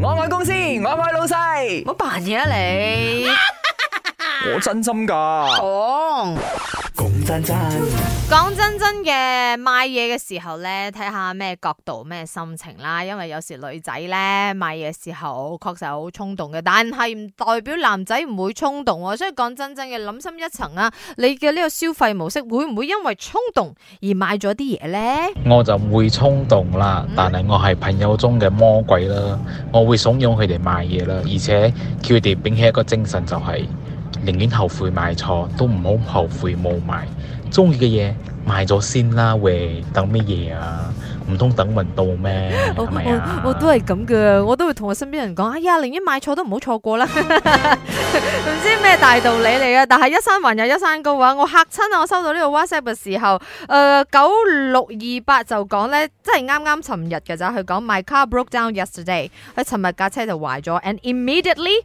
我愛公司，我愛老細，冇扮嘢啊你！我真心噶哦，講真真講真真嘅買嘢嘅時候呢，睇下咩角度、咩心情啦。因為有時女仔呢，買嘢嘅時候確實好衝動嘅，但係唔代表男仔唔會衝動。所以講真真嘅諗深一層啊，你嘅呢個消費模式會唔會因為衝動而買咗啲嘢呢？我就唔會衝動啦，嗯、但係我係朋友中嘅魔鬼啦，我會慫恿佢哋買嘢啦，而且叫佢哋秉持一個精神就係、是。寧願後悔買錯，都唔好後悔冇買。中意嘅嘢買咗先啦，喂，等乜嘢啊？唔通等運到咩我、啊？我都係咁嘅，我都會同我身邊人講，哎呀，寧願買錯都唔好錯過啦。唔 知咩大道理嚟啊？但係一山還有一山高啊！我吓親啊！我收到呢個 WhatsApp 嘅時候，誒、呃，九六二八就講呢，即係啱啱尋日嘅咋，佢講 my car broke down yesterday，佢尋日架車就壞咗，and immediately。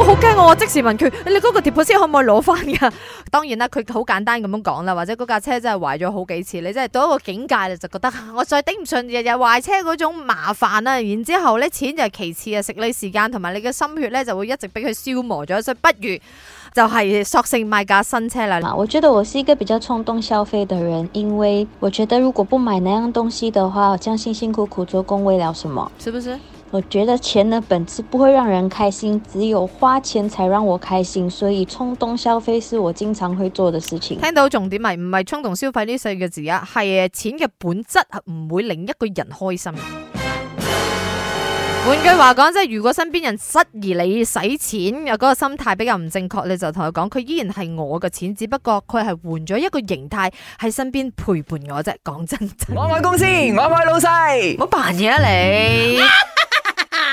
我好驚我即時問佢，你嗰個碟片先可唔可以攞翻噶？當然啦，佢好簡單咁樣講啦。或者嗰架車真係壞咗好幾次，你真係到一個境界，就覺得我再頂唔順日日壞車嗰種麻煩啦。然之後呢，錢就係其次啊，食你時間同埋你嘅心血呢，就會一直俾佢消磨咗，所以不如就係索性買架新車啦。我覺得我是一個比較衝動消費的人，因為我覺得如果不買那樣東西嘅話，我將辛辛苦苦做工為了什麼？是不是？我覺得錢的本質不會讓人開心，只有花錢才讓我開心，所以衝動消費是我經常會做的事情。聽到重點未？唔係衝動消費呢四個字啊，係錢嘅本質係唔會令一個人開心。換句話講，即係如果身邊人質疑你使錢，又、那、嗰個心態比較唔正確，你就同佢講，佢依然係我嘅錢，只不過佢係換咗一個形態喺身邊陪伴我啫。講真我買公司，我買老細，唔好扮嘢啊你。啊